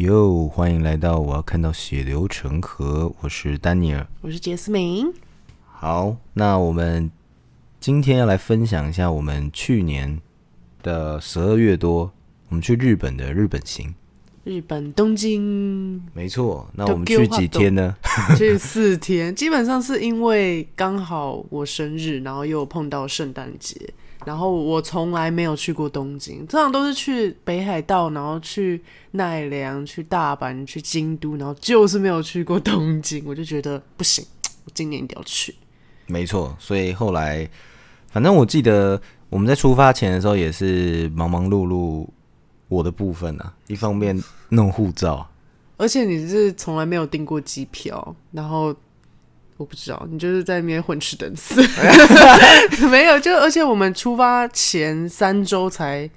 喲，Yo, 歡迎來到《我要看到血流成河》，我是丹尼爾，我是潔思敏。好，那我們今天要來分享一下我們去年的十二月多，我們去日本的日本行。日本東京，沒錯。那我們去幾天呢？ 去四天，基本上是因為剛好我生日，然後又碰到聖誕節。然後我從來沒有去過東京，通常都是去北海道，然後去奈良、去大阪、去京都，然後就是沒有去過東京。我就覺得不行，我今年一定要去。沒錯，所以後來，反正我記得我們在出發前的時候也是忙忙碌碌，我的部分啊，一方面弄護照，而且你是從來沒有訂過機票，然後。我不知道，你就是在那邊混吃等死， 沒有，就而且我們出發前三周才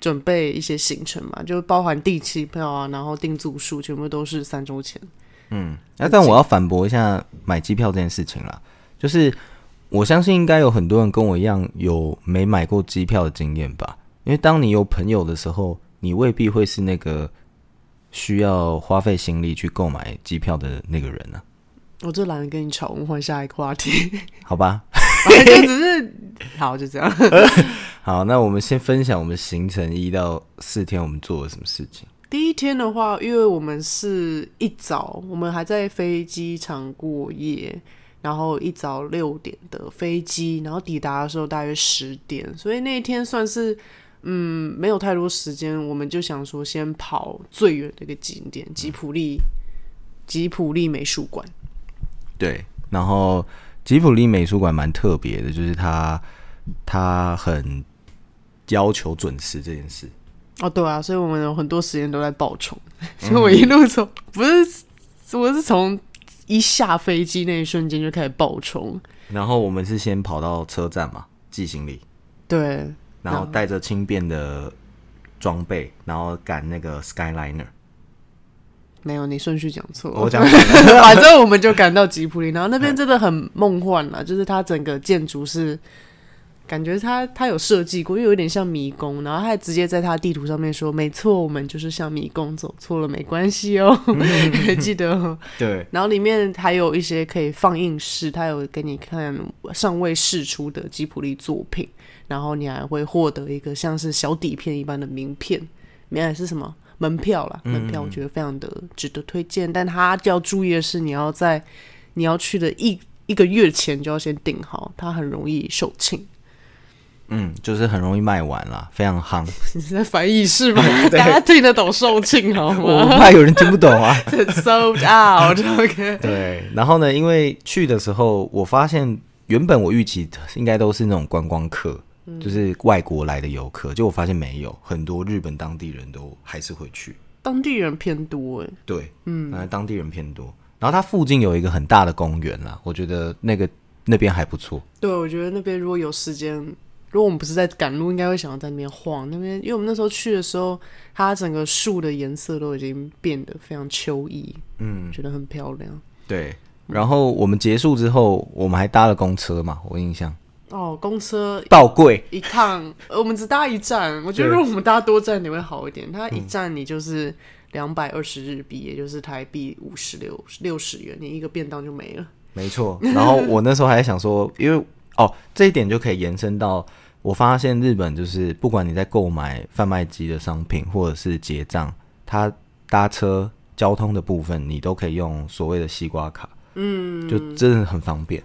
準備一些行程嘛，就包含訂機票啊，然後訂住宿，全部都是三周前。嗯，那、啊、但我要反駁一下買機票這件事情啦，就是我相信應該有很多人跟我一樣有沒買過機票的經驗吧，因為當你有朋友的時候，你未必會是那個需要花費心力去購買機票的那個人呢、啊。我就懶得跟你吵，我們換下一個話題，好吧？就只是好，就這樣。 好，那我們先分享我們行程一到四天我們做了什麼事情。第一天的話，因為我們是一早，我們還在飛機場過夜，然後一早六點的飛機，然後抵達的時候大約十點，所以那一天算是嗯沒有太多時間，我們就想說先跑最遠的一個景點——吉普利、嗯、吉普利美術館。對，然後吉卜力美術館蠻特別的，就是他他很要求準時這件事。哦，對啊，所以我們有很多時間都在爆衝，嗯、所以我一路從，不是，我是從一下飛機那一瞬間就開始爆衝。然後我們是先跑到車站嘛，寄行李，對，然後，然後帶着輕便的裝備，然後趕那個 Skyliner。沒有，你順序講錯了，我講了，反正 我們就趕到吉卜力， 然後那邊真的很夢幻了， 就是它整個建築是感覺它它有設計過，又有點像迷宮。然後他直接在他地圖上面說：“沒錯，我們就是像迷宮，走錯了沒關係哦。 ” 記得、哦、 對。然後裡面還有一些可以放映室，他有給你看尚未釋出的吉卜力作品，然後你還會獲得一個像是小底片一般的名片，名片是什麼？門票啦，門票我覺得非常的值得推薦，嗯嗯嗯，但他要注意的是，你要在你要去的一一個月前就要先訂好，它很容易售罄。嗯，就是很容易賣完了，非常夯。 你是在翻譯是嗎？嗯，大家聽得懂售罄好嗎？ 我怕有人聽不懂啊。 Sold out, okay. 對，然後呢，因為去的時候，我發現原本我預計應該都是那種觀光客。就是外國來的遊客，就我發現沒有很多日本當地人都還是會去，當地人偏多哎，對，嗯，反正當地人偏多。然後它附近有一個很大的公園啦，我覺得那個那邊還不錯。對，我覺得那邊如果有時間，如果我們不是在趕路，應該會想要在那邊晃那邊，因為我們那時候去的時候，它整個樹的顏色都已經變得非常秋意，嗯，覺得很漂亮。對，然後我們結束之後，嗯、我們還搭了公車嘛，我印象。哦，公車到貴貴一趟，我們只搭一站， 我覺得如果我們搭多站你會好一點。它對一站你就是兩百二十日幣，嗯、也就是台幣五十六六十元，你一個便當就沒了。沒錯，然後我那時候還在想說， 因為哦，這一點就可以延伸到，我發現日本就是不管你在購買販賣機的商品或者是結賬，它搭車交通的部分，你都可以用所謂的西瓜卡，嗯，就真的很方便。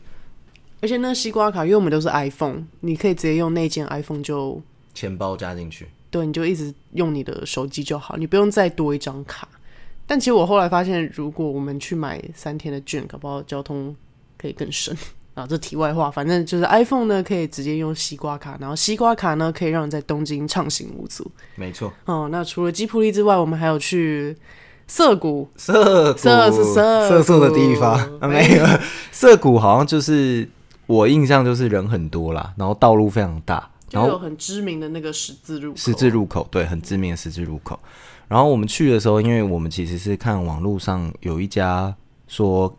而且那西瓜卡，因為我們都是 iPhone，你可以直接用那件 iPhone 就錢包加進去。對，你就一直用你的手機就好，你不用再多一張卡。但其實我後來發現，如果我們去買三天的券，搞不好交通可以更省啊！這題外話，反正就是 iPhone 呢可以直接用西瓜卡，然後西瓜卡呢可以讓你在東京暢行無阻。沒錯。哦，那除了吉卜力之外，我們還有去澀谷，澀澀是澀澀澀的地方。沒有，澀谷好像就是。我印象就是人很多啦，然後道路非常大，然後有很知名的那個十字路口。十字路口，對，很知名的十字路口。嗯、然後我們去的時候，因為我們其實是看網絡上有一家說，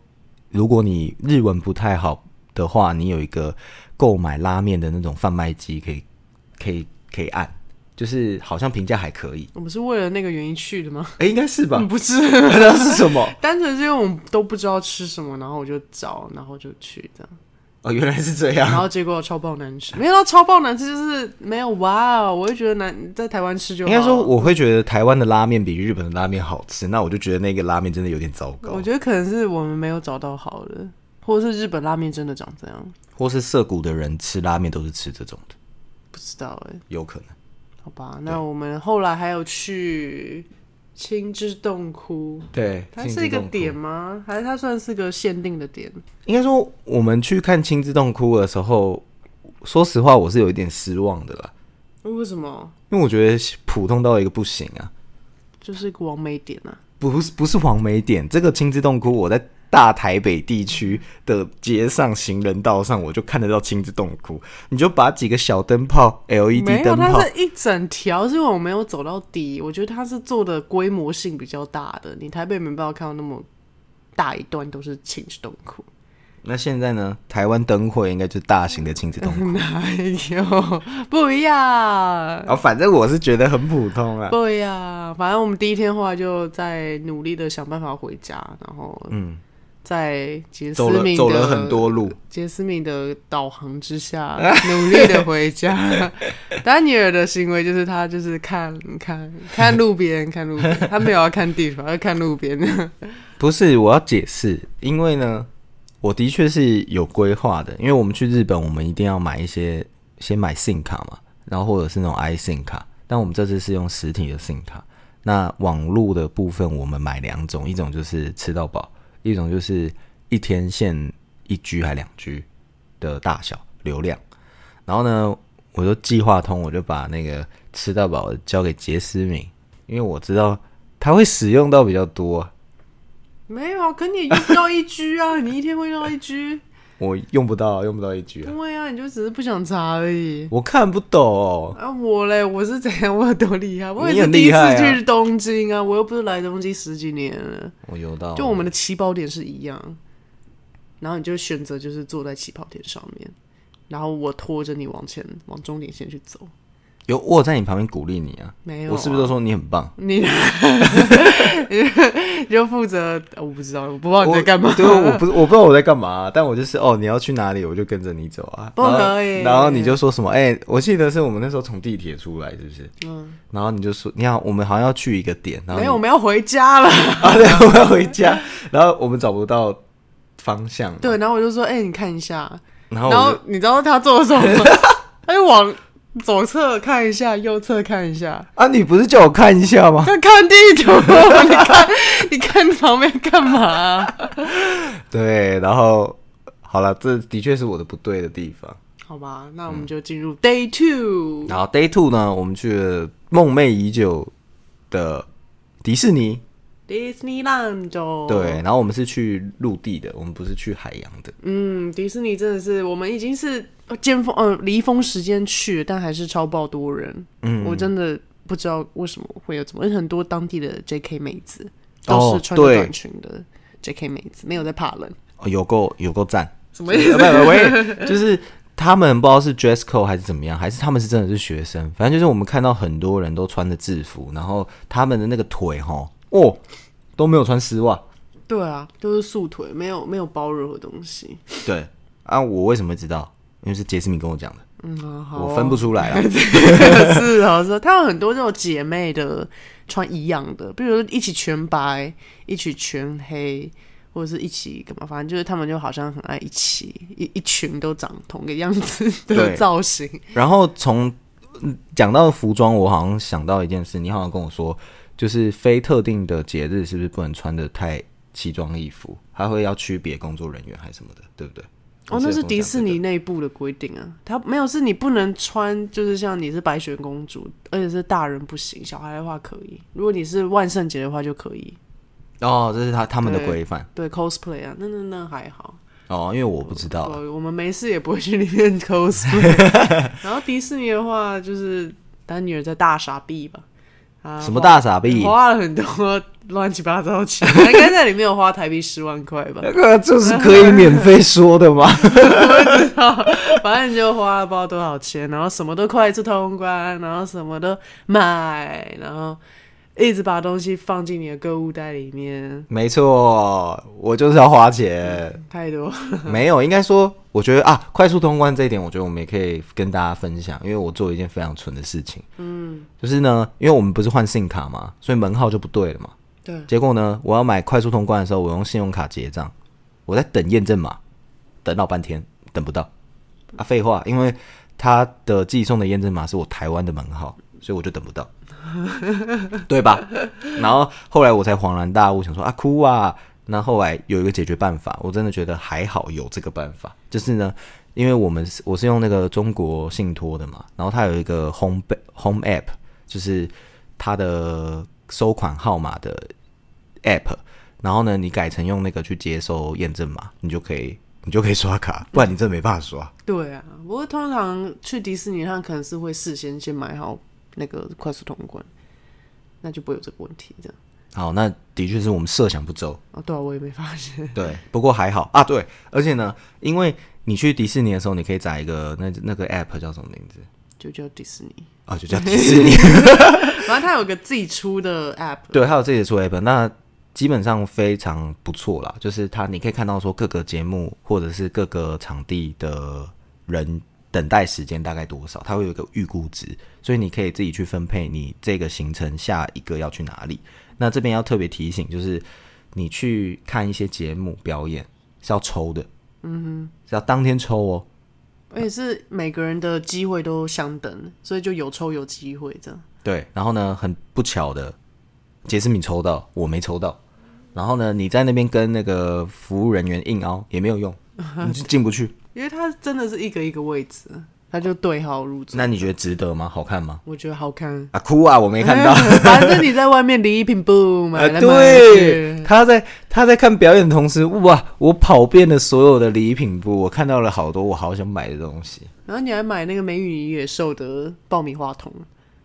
如果你日文不太好的話，你有一個購買拉麵的那種販賣機可，可以可以可以按，就是好像評價還可以。我們是為了那個原因去的嗎？哎，應該是吧？嗯、不是、 啊，那是什麼？ 單純是因為我們都不知道吃什麼，然後我就找，然後就去這樣。哦，原來是這樣。然後結果超爆難吃，沒有超爆難吃， 難吃就是沒有哇！我會覺得難在台灣吃就好，就應該說我會覺得台灣的拉面比日本的拉面好吃。那我就覺得那個拉麵真的有點糟糕。我覺得可能是我們沒有找到好的，或者是日本拉麵真的長這樣，或是澀谷的人吃拉面都是吃這種的，不知道哎，有可能。好吧，那我們後來還有去。青之洞窟，對，它是一個點嗎？還是它算是個限定的點？應該說，我們去看青之洞窟的時候，說實話，我是有一點失望的啦。為什麼？因為我覺得普通到一個不行啊，就是一個網美點啊，不是，不是網美點。這個青之洞窟，我在，大台北地區的街上、行人道上，我就看得到青之洞窟。你就把幾個小燈泡、LED 燈泡，它是一整條，是因為我沒有走到底。我覺得它是做的規模性比較大的，你台北沒辦法看到那麼大一段都是青之洞窟。那現在呢？台灣燈會應該就是大型的青之洞窟。哎呦， 不一樣、啊哦。反正我是覺得很普通了、啊。對呀，反正我們第一天後來就在努力的想辦法回家，然後嗯。在潔思敏的走，走了很多路。潔思敏的導航之下，努力的回家。 丹尼爾的行為就是他就是看，看，看路邊，看路邊。他沒有要看地圖，要 看路邊。不是，我要解釋，因為呢，我的確是有規劃的。因為我們去日本，我們一定要買一些，先買 SIM 卡嘛，然後或者是那種 iSIM 卡。但我們這次是用實體的 SIM 卡。那網絡的部分，我們買兩種，一種就是吃到飽。一種就是一天限一 G 還兩 G 的大小流量，然後呢，我就計劃通，我就把那個吃到飽交給潔思敏，因為我知道他會使用到比較多。沒有啊，可你用到一 G 啊， 你一天會用到一 G？ 我用不到，用不到一句。因為啊，你就只是不想查而已。我看不懂。啊，我嘞，我是怎樣，我有多厲害？我也是第一次去東京啊，啊我又不是來東京十幾年了。我有到，就我們的起跑點是一樣，然後你就選擇就是坐在起跑點上面，然後我拖着你往前往終點線去走。我就在你旁邊鼓勵你啊！沒有，我是不是都說你很棒？你，你就負責，我不知道，我不知道你在幹嘛。對，我不，我不知道我在幹嘛。但我就是哦，你要去哪裡，我就跟着你走啊。不可以。然後你就說什麼？哎，我記得是我們那時候從地鐵出來，是不是？嗯。然後你就說：“你好，我們好像要去一個點。”沒有，我們要回家了。對，我們要回家。然後我們找不到方向。對，然後我就說：“哎，你看一下。”然後，然後你知道他做了什麼？他就往。左側看一下，右側看一下啊！你不是叫我看一下嗎？在看，看地圖， 你看， 你看旁邊幹嘛啊？對，然後好了，這的確是我的不對的地方。好吧，那我們就進入 day two。嗯。然後 day two 呢，我們去了夢寐已久的迪士尼。迪士尼樂園對，然後我們是去陸地的，我們不是去海洋的。嗯，迪士尼真的是，我們已經是尖峰，嗯、呃，離峰時間去，但還是超爆多人。嗯，我真的不知道為什麼會有這麼，因為很多當地的 JK 妹子都是穿短裙的 JK 妹子，哦哦、沒有在怕冷。有夠有夠讚，什麼意思、 啊？就是他們不知道是 dress code 還是怎麼樣，還是他們是真的是學生，反正就是我們看到很多人都穿著制服，然後他們的那個腿哈。哦，都沒有穿絲襪，對啊，都是素腿，沒有沒有包任何東西。對啊，我為什麼會知道？因為是潔思敏跟我講的。嗯，好啊、我分不出來 啊。是啊，是啊，他有很多這種姐妹的穿一樣的，比如說一起全白，一起全黑，或者是一起幹嘛，反正就是他們就好像很愛一起，一一群都長同一個樣子的造型。然後從講、嗯、到服裝，我好像想到一件事，你好像跟我說。就是非特定的節日，是不是不能穿的太奇裝異服？還會要區別工作人員還是什麼的，對不對？哦，那是迪士尼內部的規定啊。他沒有是你不能穿，就是像你是白雪公主，而且是大人不行，小孩的話可以。如果你是萬聖節的話就可以。哦，這是他他們的規範，對 cosplay 啊，那那那還好。哦，因為我不知道、啊呃呃，我們沒事也不會去裡面 cosplay。 然後迪士尼的話，就是丹尼爾在大傻逼吧。什麼大傻逼！啊、花，花了很多亂七八糟錢， 應該在裡面有花台幣十萬塊吧？ 這個就是可以免費說的嗎？ 不知道，反正就花了不知道多少錢，然後什麼都快速通關，然後什麼都買，然後。一直把東西放進你的購物袋裡面。沒錯，我就是要花錢、嗯、太多。 沒有，應該說，我覺得啊，快速通關這一點，我覺得我們也可以跟大家分享，因為我做一件非常蠢的事情。嗯，就是呢，因為我們不是換 SIM 卡嘛，所以門號就不對了嘛。對。結果呢，我要買快速通關的時候，我用信用卡結賬，我在等驗證碼，等老半天，等不到。啊，廢話，因為他的寄送的驗證碼是我台灣的門號，所以我就等不到。 對吧？然後後來我才恍然大悟，想說啊，哭啊！那後，後來有一個解決辦法，我真的覺得還好，有這個辦法，就是呢，因為我們我是用那個中國信托的嘛，然後它有一個 home home app，就是它的收款號碼的 app，然後呢，你改成用那個去接收驗證碼，你就可以，你就可以刷卡，不然你真的沒辦法刷。嗯、對啊，不過通常去迪士尼，他可能是會事先先買好。那個快速通關，那就不會有這個問題。這樣好，那的確是我們設想不周。哦，對啊，我也沒發現。對，不過還好啊。對，而且呢，因為你去迪士尼的時候，你可以載一個那那個 app 叫什麼名字？就叫迪士尼。啊、哦，就叫迪士尼。 然後它有個自己出的 app，對，他有自己出的 app。那基本上非常不錯啦，就是它你可以看到說各個節目或者是各個場地的人等待時間大概多少？它會有一個預估值，所以你可以自己去分配你這個行程下一個要去哪裡。那這邊要特別提醒，就是你去看一些節目表演是要抽的，嗯哼，是要當天抽哦。而且是每個人的機會都相等，所以就有抽有機會這樣。對，然後呢，很不巧的，潔思敏抽到，我沒抽到。然後呢，你在那邊跟那個服務人員硬凹也沒有用，你就進不去。 因為他真的是一個一個位置，他就對號入座，哦。那你覺得值得嗎？好看嗎？我覺得好看啊！哭啊！我沒看到。反正、欸、你在外面禮品部買、呃、對，他在他在看表演的同時，哇！我跑遍了所有的禮品部，我看到了好多我好想買的東西。然後你還買那個美女野獸的爆米花桶，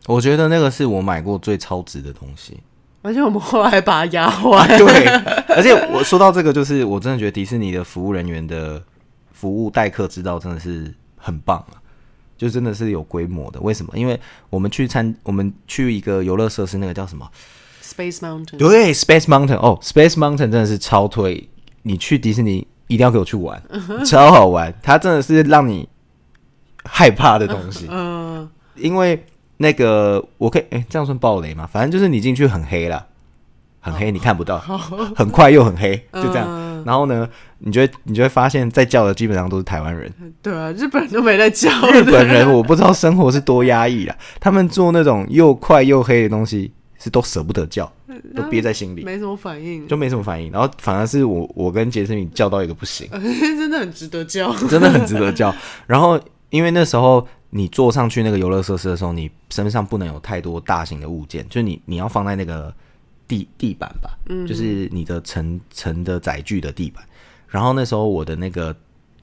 我覺得那個是我買過最超值的東西。而且我們後來還把它壓壞。對，而且我說到這個，就是我真的覺得迪士尼的服務人員的。服務待客之道真的是很棒啊，就真的是有規模的。為什麼？因為我們去參，我們去一個遊樂設施，那個叫什麼？Space Mountain 對。對，Space Mountain、oh,。哦，Space Mountain 真的是超推！你去迪士尼一定要給我去玩，超好玩。 它真的是讓你害怕的東西。嗯，因為那個我可以，哎、欸，這樣算爆雷嗎？反正就是你進去很黑了，很黑，你看不到，oh. Oh. 很快又很黑，就這樣。然後呢？你就會，你就會發現，在叫的基本上都是台灣人。對啊，日本人都沒在叫。日本人我不知道生活是多壓抑啊！ 他們做那種又快又黑的東西，是都捨不得叫，都憋在心裡，沒什麼反應，就沒什麼反應。然後反而是我，我跟潔思敏叫到一個不行， 真的很值得叫，真的很值得叫。 然後因為那時候你坐上去那個遊樂設施的時候，你身上不能有太多大型的物件，就你你要放在那個。地地板吧，嗯、哼就是你的層層的載具的地板，然後那時候我的那個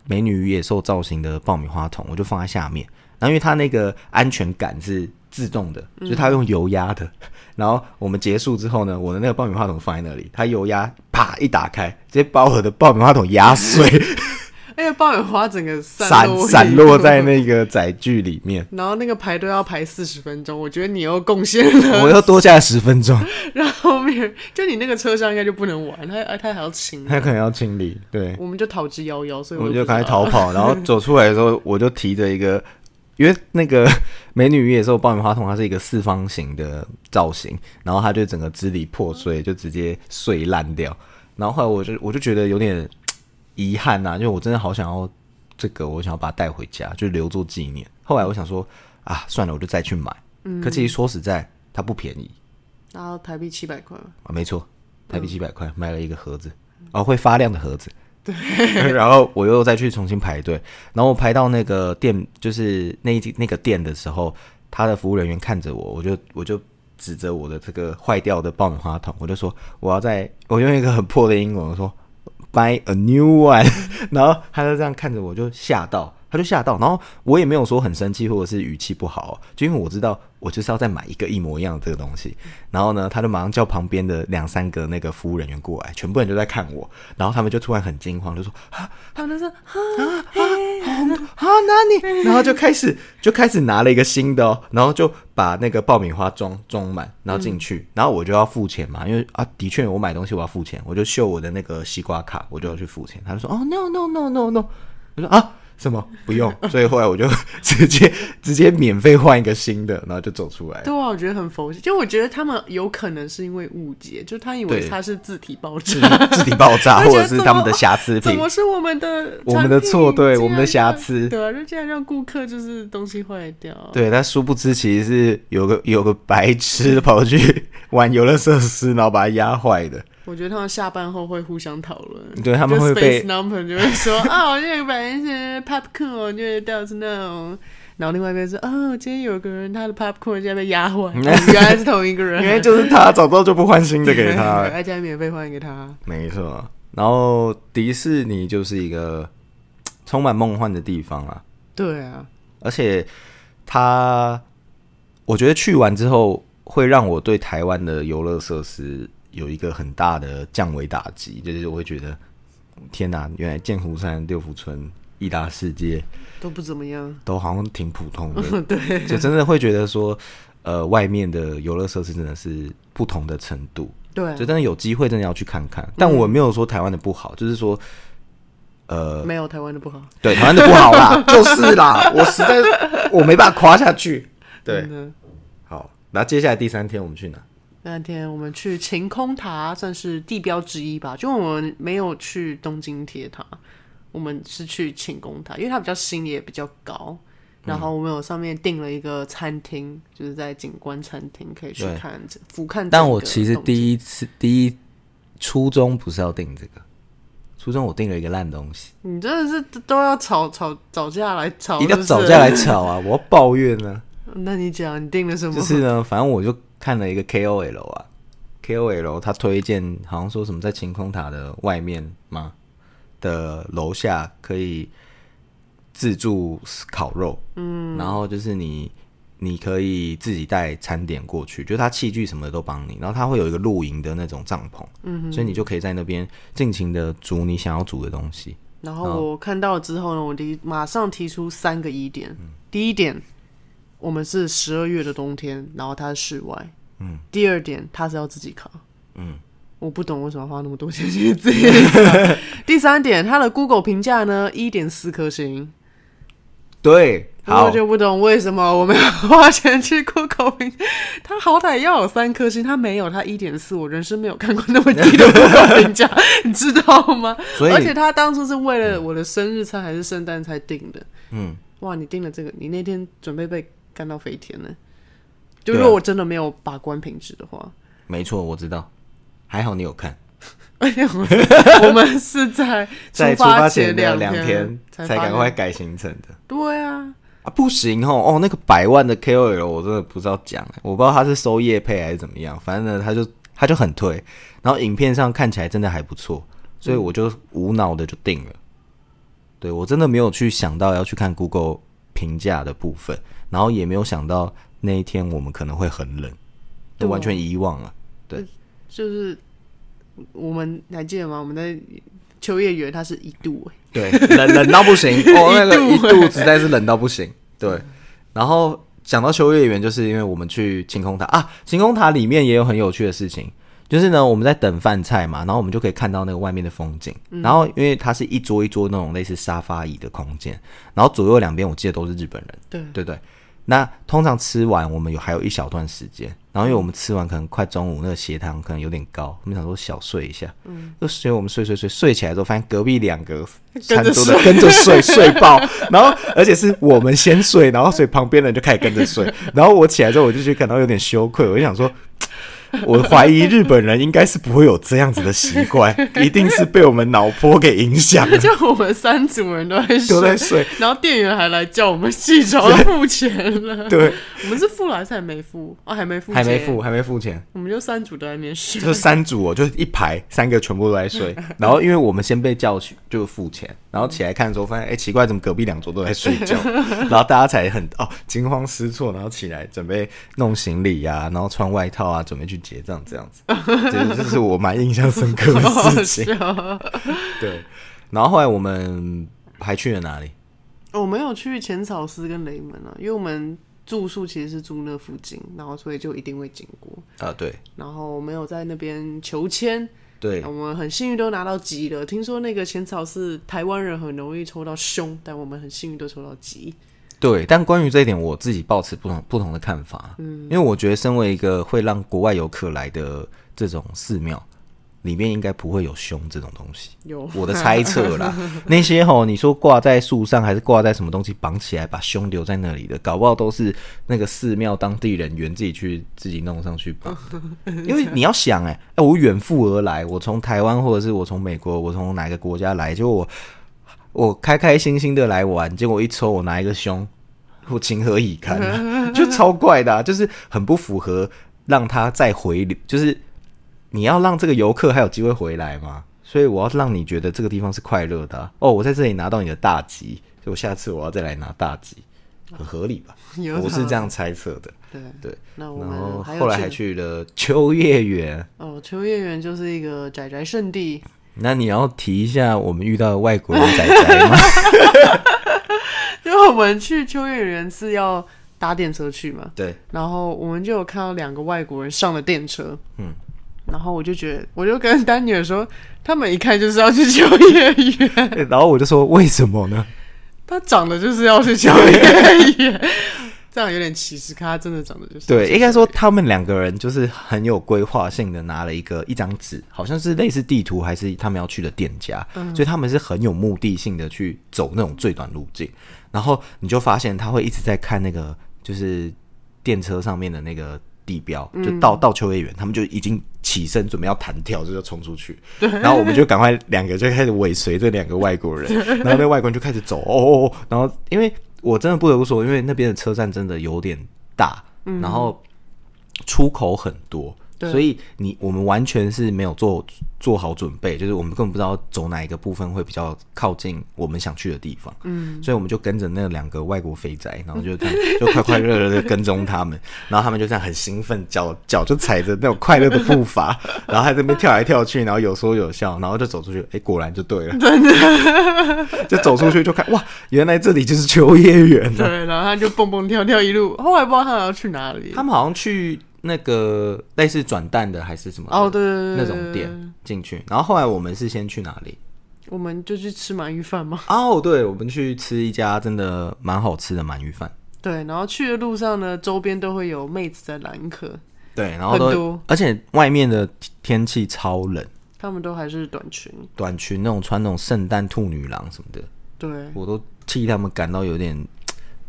美女與野獸造型的爆米花桶，我就放在下面。然後因為它那個安全感是自動的，就是，它用油壓的。嗯、哼然後我們結束之後呢，我的那個爆米花桶放在那裡，它油壓啪一打開，直接把我的爆米花桶壓碎。 哎、欸，爆米花整個散落散，散落在那個載具裡面， 然後那個排隊要排四十分鐘，我覺得你又貢獻了我，我又多加十分鐘。然後後面就你那個車廂應該就不能玩，他他還要清，他可能要清理。對，我們就逃之夭夭，所以我，就我們就開始逃跑，然後走出來的時候，我就提着一個， 因為那個美女與野獸爆米花桶，它是一個四方形的造型，然後它就整個支離破碎，嗯、就直接碎爛掉。然後後來我就我就覺得有點。遺憾吶、啊，因為我真的好想要這個，我想要把它帶回家，就留作紀念。後來我想說啊，算了，我就再去買。嗯，可其實說實在，它不便宜，然後台幣七百塊。啊，沒錯，台幣七百塊買了一個盒子，哦、啊，會發亮的盒子。對， 然後我又再去重新排隊，然後我排到那個店，就是那一那個店的時候，他的服務人員看着我，我就我就指着我的這個壞掉的爆米花桶，我就說我要再，我用一個很破的英文我說。Buy a new one，然後他就這樣看着我，就嚇到。他就嚇到，然後我也沒有說很生氣或者是語氣不好，就因為我知道我就是要再買一個一模一樣的這個東西。然後呢，他就馬上叫旁邊的兩三個那個服務人員過來，全部人就在看我。然後他們就突然很驚慌，就說：“啊！”他們說：“啊啊啊！哪裡？”然後就開始就開始拿了一個新的，哦，然後就把那個爆米花裝裝滿，然後進去，然後我就要付錢嘛，因為啊，的確我買東西我要付錢，我就秀我的那個西瓜卡，我就要去付錢。他就說：“哦，no，no，no，no，no。”我說：“啊。”什麼不用？所以後來我就直接 直接免費換一個新的，然後就走出來。對啊，我覺得很佛系。就我覺得他們有可能是因為誤解，就他以為他是自體爆炸，自、嗯、體爆炸 或者是他們的瑕疵品。怎麼是我們的？我們的錯？對，我們的瑕疵。對啊，就竟然讓顧客就是東西壞掉、啊。對，他殊不知其實是有個有個白痴跑去玩遊樂設施， 然後把他壓壞的。我覺得他們下班後會互相討論，對他們會被就 space number 就會說啊，我今天買一些 popcorn，就會到是那然後另外一邊是啊，今天有個人他的 popcorn 現在被壓壞， 原來是同一個人， 因為就是他，早知道就不換新的給他，還加免費換給他。沒錯，然後迪士尼就是一個充滿夢幻的地方啊，對啊，而且他我覺得去完之後會讓我對台灣的遊樂設施。有一個很大的降維打擊，就是我會覺得，天吶，原來劍湖山、六福村、義大世界都不怎麼樣，都好像挺普通的。嗯、對、啊，就真的會覺得說，呃，外面的遊樂設施真的是不同的程度。對、啊，就真的有機會真的要去看看。嗯、但我沒有說台灣的不好，就是說，呃，沒有台灣的不好。對，台灣的不好啦， 就是啦，我實在 我沒辦法誇下去。對，嗯、哼好，那接下來第三天我們去哪？那天我們去晴空塔，算是地標之一吧。就我們沒有去東京鐵塔，我們是去晴空塔，因為它比較新也比較高。然後我們有上面訂了一個餐廳，嗯、就是在景觀餐廳可以去看對俯瞰。但我其實第一次第一初衷不是要訂這個，初衷我訂了一個爛東西。你真的是都要吵吵吵架來吵是是，一定要吵架來吵啊！ 我要抱怨呢、啊。那你講你訂了什麼？就是呢，反正我就。看了一個 KOL 啊，KOL 他推薦好像說什麼在晴空塔的外面嗎的樓下可以自助烤肉，嗯，然後就是你你可以自己帶餐點過去，就是他器具什麼的都幫你，然後他會有一個露營的那種帳篷，嗯哼，所以你就可以在那邊盡情的煮你想要煮的東西。然後，然後我看到了之後呢，我立馬上提出三個疑點，嗯，第一點。我們是十二月的冬天，然後它是室外。嗯。第二點，它是要自己烤。嗯。我不懂為什麼花那麼多錢去自己 第三點，它的 Google 評價呢，一點四顆星。對。我就不懂為什麼我們要花錢去 Google 評，它好歹要有三顆星，它沒有，它一點四，我人生沒有看過那麼低的 Google 評價， 你知道嗎？所以，而且它當初是為了我的生日餐、嗯、還是聖誕才定的？嗯。哇，你定了這個，你那天準備被。幹到飛天了！就如果我真的沒有把關品質的話，沒錯，我知道。還好你有看， 我們是在在出發前兩兩天才趕快改行程的。對啊，啊，不行哦哦，那個百萬的 KOL 我真的不知道講欸，我不知道他是收業配還是怎麼樣，反正呢，他就他就很推，然後影片上看起來真的還不錯，所以我就無腦的就定了。嗯，對，我真的沒有去想到要去看 Google。評價的部分，然後也沒有想到那一天我們可能會很冷，對都完全遺忘了。對，就是我們還記得嗎？我們的秋葉原它是一度哎、欸，對，冷冷到不行 哦，那個一度實在是冷到不行。對， 然後講到秋葉原，就是因為我們去晴空塔啊，晴空塔裡面也有很有趣的事情。就是呢，我們在等飯菜嘛，然後我們就可以看到那個外面的風景。嗯、然後因為它是一桌一桌那種類似沙發椅的空間，然後左右兩邊我記得都是日本人，對對對。那通常吃完我們有還有一小段時間，然後因為我們吃完可能快中午，那個血糖可能有點高，我們想說小睡一下。嗯，就睡我們睡睡睡，睡起來之後發現隔壁兩個餐桌的跟着睡睡爆，然後而且是我們先睡，然後所以旁邊人就開始跟着睡。然後我起來之後我就覺得感到有點羞愧，我就想說。 我懷疑日本人應該是不會有這樣子的習慣， 一定是被我們腦波給影響了。就 我們三組人都在睡，都在睡然後店員還來叫我們起床付錢了。對，對我們是付了還是還沒付哦，還沒付，還沒付，還沒付錢。我們就三組都在那邊睡，就三組哦，就是一排三個全部都在睡。 然後因為我們先被叫去就付錢，然後起來看的時候發現，哎、欸，奇怪，怎麼隔壁兩桌都在睡覺？ 然後大家才很哦驚慌失措，然後起來準備弄行李呀、啊，然後穿外套啊，準備去。結賬這樣子，就 是我蠻印象深刻的事情。 啊、對，然後後來我們還去了哪裡？我、哦、沒有去淺草寺跟雷門啊，因為我們住宿其實是住那附近，然後所以就一定會經過啊。對，然後沒有在那邊求籤。對，我們很幸運都拿到吉了。聽說那個淺草寺台灣人很容易抽到兇，但我們很幸運都抽到吉。對，但關於這一點，我自己抱持不同不同的看法。嗯、因為我覺得身為一個會讓國外遊客來的這種寺廟，裡面應該不會有凶這種東西。有我的猜測啦， 那些吼，哦，你說掛在樹上還是掛在什麼東西綁起來把凶留在那裡的，搞不好都是那個寺廟當地人員自己去自己弄上去綁。 因為你要想，哎，哎，我遠赴而來，我從台灣，或者是我從美國，我從哪個國家來就我。我開開心心的來玩，結果一抽我拿一個凶，我情何以堪、啊、 就超怪的，啊，就是很不符合讓他再回，就是你要讓這個遊客還有機會回來嘛，所以我要讓你覺得這個地方是快樂的，啊、哦。我在這裡拿到你的大吉，所以我下次我要再來拿大吉，很合理吧？好我是這樣猜測的。對對，對我然後後來還去了秋葉原。哦，秋葉原就是一個宅宅聖地。那你要提一下我們遇到的外國人宅宅嗎？ 就我們去秋葉原是要搭電車去嘛，對。然後我們就有看到兩個外國人上了電車，嗯。然後我就覺得，我就跟丹尼爾說，他們一看就是要去秋葉原。然後我就說，為什麼呢？他長得就是要去秋葉原。 這樣有點歧視，他真的長得就是對，應該說他們兩個人就是很有規劃性的拿了一個一張紙，好像是類似地圖，還是他們要去的店家，嗯、所以他們是很有目的性的去走那種最短路徑。嗯、然後你就發現他會一直在看那個就是電車上面的那個地標，就到，嗯、到秋葉原，他們就已經起身準備要彈跳，這就衝出去，對然後我們就趕快兩個就開始尾隨這兩個外國人，對然後那外國人就開始走哦，哦，哦，哦，然後因為。我真的不得不說，因為那邊的車站真的有點大，嗯、哼然後出口很多。所以你我們完全是沒有做做好準備，就是我們根本不知道走哪一個部分會比較靠近我們想去的地方。嗯，所以我們就跟着那兩個外國肥宅，然後就看就快快樂樂的跟蹤他們， 然後他們就這樣很興奮，腳腳就踩着那種快樂的步伐， 然後還在那邊跳來跳去，然後有說有笑，然後就走出去。哎、欸，果然就對了，對真的笑，就走出去就看哇，原來這裡就是秋葉原，對，然後他就蹦蹦跳跳一路，後來不知道他要去哪裡， 他們好像去。那個類似轉蛋的還是什麼哦，對對對，那種店進去，然後後來我們是先去哪裡？我們就去吃鰻魚飯嘛。哦，oh, 對，我們去吃一家真的蠻好吃的鰻魚飯。對，然後去的路上呢，周邊都會有妹子在攬客。對，然後都多而且外面的天氣超冷，他們都還是短裙，短裙那種穿那種聖誕兔女郎什麼的。對，我都替他們感到有點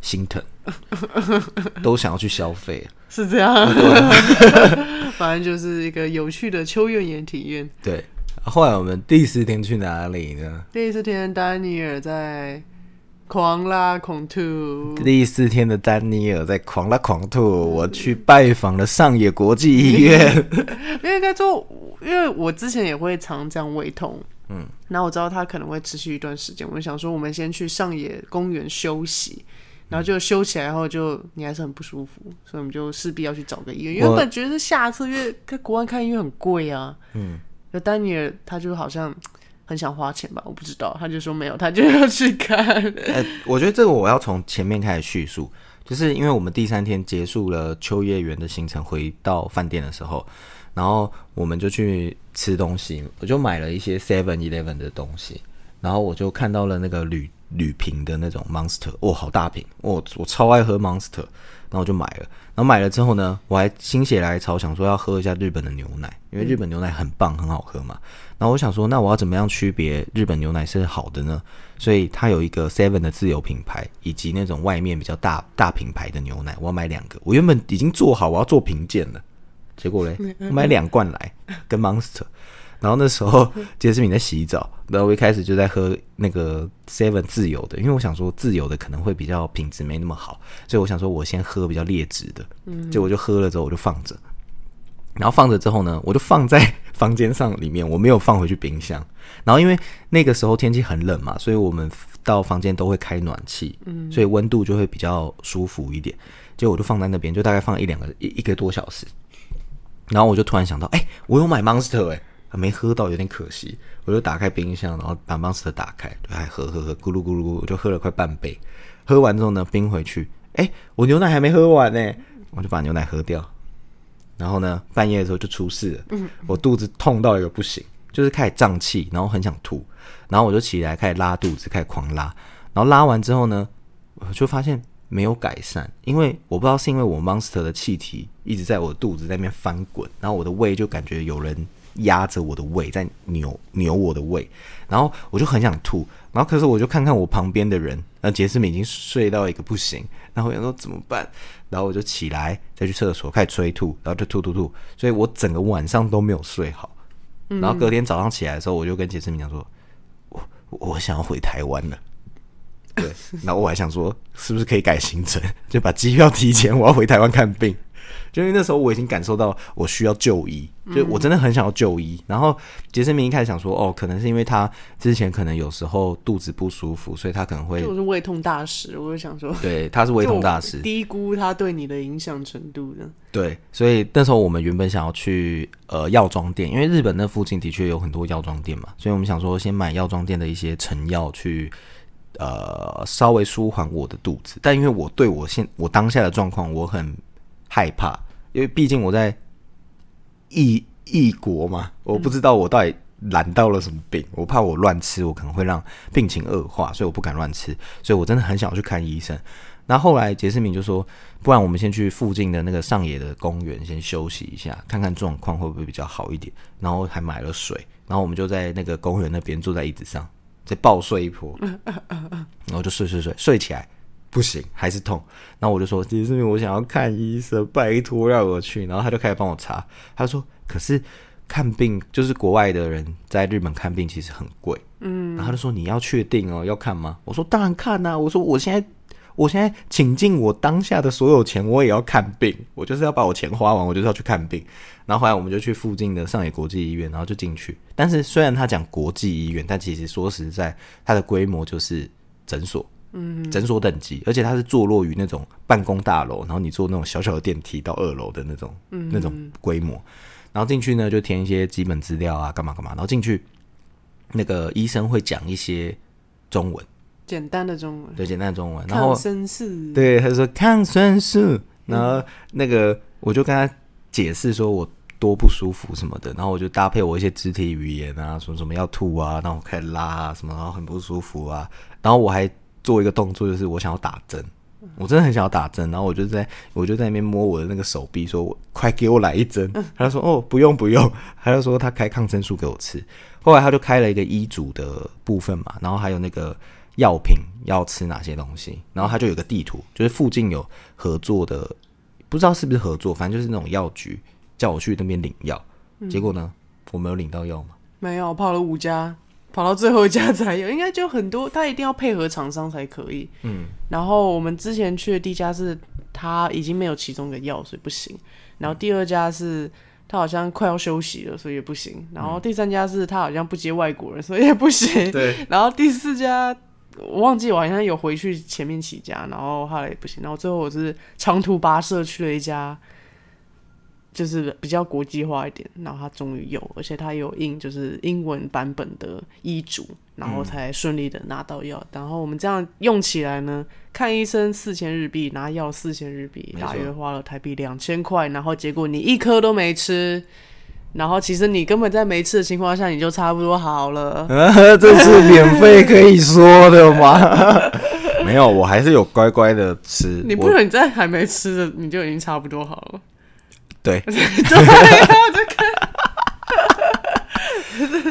心疼， 都想要去消費。是這樣，嗯、 反正就是一個有趣的秋葉原體驗。對，後來我們第四天去哪裡呢？第四天，丹尼爾在狂拉狂吐。第四天的丹尼爾在狂拉狂吐，嗯、我去拜訪了上野國際醫院，因為應該說，因為我之前也會常這樣胃痛，嗯，那我知道他可能會持續一段時間，我就想說，我們先去上野公園休息。然後就修起來，然後就你還是很不舒服，所以我們就勢必要去找個醫院。因為我本覺得是下次，因為在國外看醫院很貴啊。嗯，丹尼爾他就好像很想花錢吧，我不知道。他就說沒有，他就要去看。哎、欸，我覺得這個我要從前面開始敘述，就是因為我們第三天結束了秋葉原的行程，回到飯店的時候，然後我們就去吃東西，我就買了一些 Seven Eleven 的東西，然後我就看到了那個旅。鋁瓶的那種 Monster，哦，好大瓶，我、哦、我超愛喝 Monster，然後我就買了。然後買了之後呢，我還心血來潮，想說要喝一下日本的牛奶，因為日本牛奶很棒，很好喝嘛。然後我想說，那我要怎麼樣區別日本牛奶是好的呢？所以它有一個 Seven 的自有品牌，以及那種外面比較大大品牌的牛奶，我要買兩個。我原本已經做好我要做品鑑了，結果嘞，我買兩罐來跟 Monster。然後那時候潔思敏在洗澡，然後我一開始就在喝那個 seven 自由的，因為我想說自由的可能會比較品質沒那麼好，所以我想說我先喝比較劣質的，嗯，結果就,就喝了之後我就放着，然後放着之後呢，我就放在房間上裡面，我沒有放回去冰箱。然後因為那個時候天氣很冷嘛，所以我們到房間都會開暖氣，嗯，所以溫度就會比較舒服一點。結果我就放在那邊，就大概放一兩個一一,一個多小時，然後我就突然想到，哎、欸，我有買 Monster 哎、欸。沒喝到有點可惜，我就打開冰箱，然後把 Monster 打開，就還喝喝喝，咕嚕咕嚕，我就喝了快半杯。喝完之後呢，冰回去，哎、欸，我牛奶還沒喝完呢，我就把牛奶喝掉。然後呢，半夜的時候就出事了，我肚子痛到一個不行，就是開始脹氣，然後很想吐，然後我就起來開始拉肚子，開始狂拉。然後拉完之後呢，我就發現沒有改善，因為我不知道是因為我 Monster 的氣體一直在我肚子在那邊翻滾，然後我的胃就感覺有人。壓着我的胃，在扭扭我的胃，然後我就很想吐，然後可是我就看看我旁邊的人，那潔思敏已經睡到一個不行，然後我想說怎麼辦，然後我就起來再去廁所開始催吐，然後就吐吐吐，所以我整個晚上都沒有睡好。然後隔天早上起來的時候，我就跟潔思敏講說，我我想要回台灣了，對。然後我還想說是不是可以改行程，就把機票提前，我要回台灣看病。就因為那時候我已經感受到我需要就醫，就我真的很想要就醫。嗯、然後潔思敏一開始想說，哦，可能是因為他之前可能有時候肚子不舒服，所以他可能會就是胃痛大使。我就想說，對，他是胃痛大使，低估他對你的影響程度的。對，所以那時候我們原本想要去呃藥妝店，因為日本那附近的確有很多藥妝店嘛，所以我們想說先買藥妝店的一些成藥去呃稍微舒緩我的肚子。但因為我對我現我當下的狀況我很害怕，因為畢竟我在異異國嘛，我不知道我到底染到了什麼病，嗯、我怕我亂吃，我可能會讓病情惡化，所以我不敢亂吃，所以我真的很想要去看醫生。那後來潔思敏就說：“不然我們先去附近的那個上野的公園，先休息一下，看看狀況會不會比較好一點。”然後還買了水，然後我們就在那個公園那邊坐在椅子上，再抱睡一鋪，然後、呃呃呃、就睡睡睡睡起來，不行，還是痛。然後我就說：“其實我想要看醫生，拜托讓我去。”然後他就開始幫我查。他就說：“可是看病就是國外的人在日本看病其實很貴。”嗯，然後他就說：“你要確定哦，要看嗎？”我說：“當然看吶、啊！”我說：“我現在，我現在傾盡我當下的所有錢，我也要看病。我就是要把我錢花完，我就是要去看病。”然後後來我們就去附近的上野國際醫院，然後就進去。但是雖然他講國際醫院，但其實說實在，它的規模就是診所。嗯，診所等級，而且它是坐落於那種辦公大樓，然後你坐那種小小的電梯到二樓的那種、嗯、哼那種規模，然後進去呢，就填一些基本資料啊，幹嘛幹嘛，然後進去那個醫生會講一些中文，簡單的中文，對，簡單的中文，然後身世，聲勢，對，他說看生素。然後、嗯、哼那個我就跟他解釋說我多不舒服什麼的，然後我就搭配我一些肢體語言啊，什麼什麼要吐啊，然後開始拉啊，什麼，然後很不舒服啊，然後我還。做一個動作，就是我想要打針，我真的很想要打針，然後我就在我就在那邊摸我的那個手臂，說快給我來一針。嗯、他就說哦不用不用，他就說他開抗生素給我吃。後來他就開了一個醫囑的部分嘛，然後還有那個藥品要吃哪些東西，然後他就有個地圖，就是附近有合作的，不知道是不是合作，反正就是那種藥局叫我去那邊領藥。嗯、結果呢，我沒有領到藥嘛，沒有跑了五家。跑到最後一家才有，應該就很多，他一定要配合廠商才可以。嗯，然後我們之前去的第一家是，他已經沒有其中的藥，所以不行。然後第二家是，他好像快要休息了，所以也不行。然後第三家是，嗯，他好像不接外國人，所以也不行。對。然後第四家我忘記，我好像有回去前面幾家，然後後來也不行。然後最後我是長途跋涉去了一家。就是比較國際化一點，然後它終於有，而且它有印就是英文版本的醫囑，然後才順利的拿到藥。嗯、然後我們這樣用起來呢，看醫生四千日幣，拿藥四千日幣，大約花了台幣兩千塊。錯然後結果你一顆都沒吃，然後其實你根本在沒吃的情況下，你就差不多好了。呵呵，這是免費可以說的嗎？ 沒有，我還是有乖乖的吃。你不能在還沒吃的，我你就已經差不多好了。對，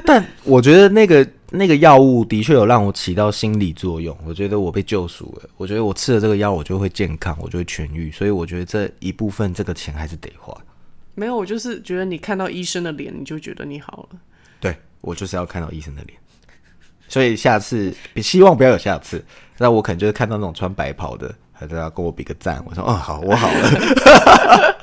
但我覺得那個那個藥物的確有讓我起到心理作用。我覺得我被救贖了。我覺得我吃了這個藥，我就會健康，我就會痊癒。所以我覺得這一部分這個錢還是得花。沒有，我就是覺得你看到醫生的臉，你就覺得你好了。對，我就是要看到醫生的臉，所以下次希望不要有下次。那我可能就是看到那種穿白袍的，還是要跟我比個讚。我說，嗯、哦，好，我好了。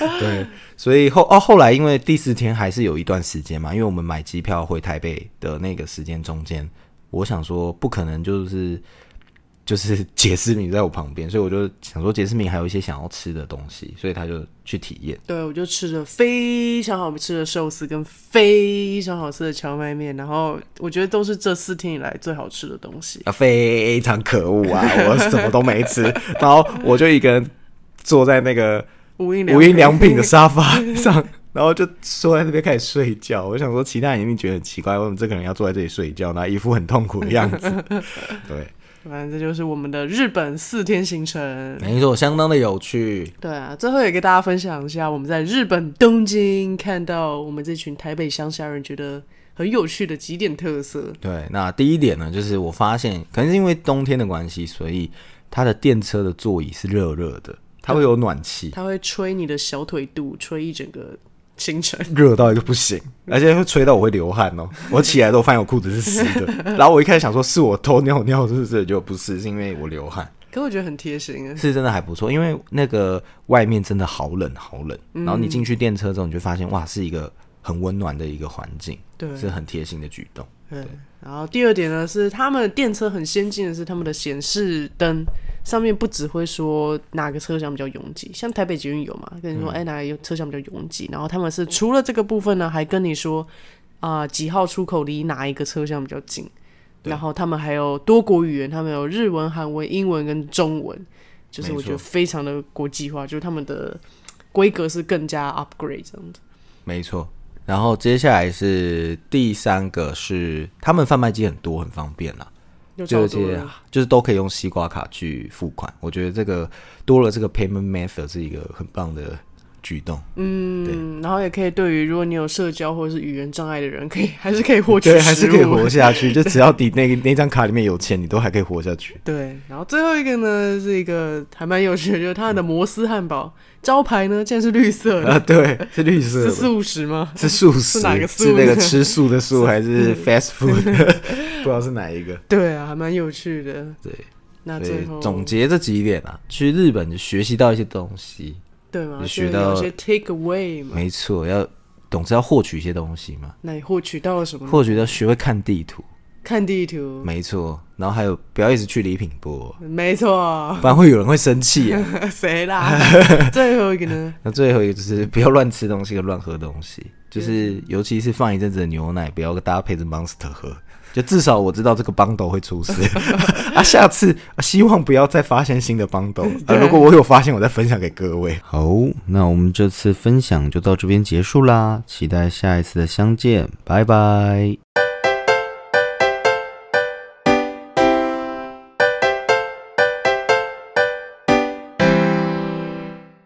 對，所以後哦，後來因為第四天還是有一段時間嘛，因為我們買機票回台北的那個時間中間，我想說不可能就是就是潔思敏在我旁邊，所以我就想說潔思敏還有一些想要吃的東西，所以他就去體驗。對，我就吃了非常好吃的壽司跟非常好吃的蕎麥麵，然後我覺得都是這四天以來最好吃的東西。啊，非常可惡啊！我什麼都沒吃， 然後我就一個人坐在那個。無印良品的沙發上， 然後就坐在那邊開始睡覺。 我想說，其他人一定覺得很奇怪，為什麼這個人要坐在這裡睡覺？那一副很痛苦的樣子。 對，反正這就是我們的日本四天行程。沒錯，相當的有趣。對啊，最後也給大家分享一下我們在日本東京看到我們這群台北鄉下人覺得很有趣的幾點特色。對，那第一點呢，就是我發現可能是因為冬天的關係，所以它的電車的座椅是熱熱的。它會有暖氣，它會吹你的小腿肚，吹一整個清晨，熱到一個不行，而且會吹到我會流汗哦。 我起來之後發現我褲子是濕的， 然後我一開始想說是我偷尿尿是不是？就不是，是因為我流汗。可我覺得很貼心，是真的還不錯，因為那個外面真的好冷好冷，嗯、然後你進去電車之後，你就發現哇，是一個很溫暖的一個環境，對，是很貼心的舉動。對，對然後第二點呢是，他們電車很先進的是他們的顯示燈。上面不只會說哪個車廂比較擁擠，像台北捷運有嘛跟你說，哎、欸，哪個車廂比較擁擠。嗯、然後他們是除了這個部分呢，還跟你說啊、呃，幾號出口離哪一個車廂比較近。對，然後他們還有多國語言，他們有日文、韓文、英文跟中文，就是我覺得非常的國際化，沒錯，就是他們的規格是更加 upgrade 這樣子。沒錯，然後接下來是第三個是他們販賣機很多，很方便啦。就是這些，就是都可以用西瓜卡去付款。我覺得這個多了這個 payment method 是一個很棒的。舉動，嗯，然後也可以對於如果你有社交或者是語言障礙的人，可以還是可以獲取，對，還是可以活下去。就只要你那那張卡裡面有錢，你都還可以活下去。對，然後最後一個呢是一個還蠻有趣的，就是他的摩斯漢堡招牌呢，竟然是綠色的。對，是綠色，是素食嗎？是素食？是哪個素？是那個吃素的素還是 fast food？不知道是哪一個。對啊，還蠻有趣的。對，那最後總結這幾點啊，去日本學習到一些東西。對，學到，對，有些 takeaway 嘛，沒錯，要總是要獲取一些東西嘛。那你獲取到了什麼？獲取到學會看地圖，看地圖，沒錯。然後還有不要一直去禮品部，沒錯，不然會有人會生氣啊。 誰啦？ 最後一個呢？那最後一個就是不要亂吃東西和亂喝東西，就是尤其是放一陣子的牛奶，不要搭配着 Monster 喝。就至少我知道這個邦豆，會出事 啊！下次希望不要再發現新的邦豆、 啊，呃、如果我有發現，我再分享給各位。好，那我們這次分享就到這邊結束啦，期待下一次的相見，拜拜。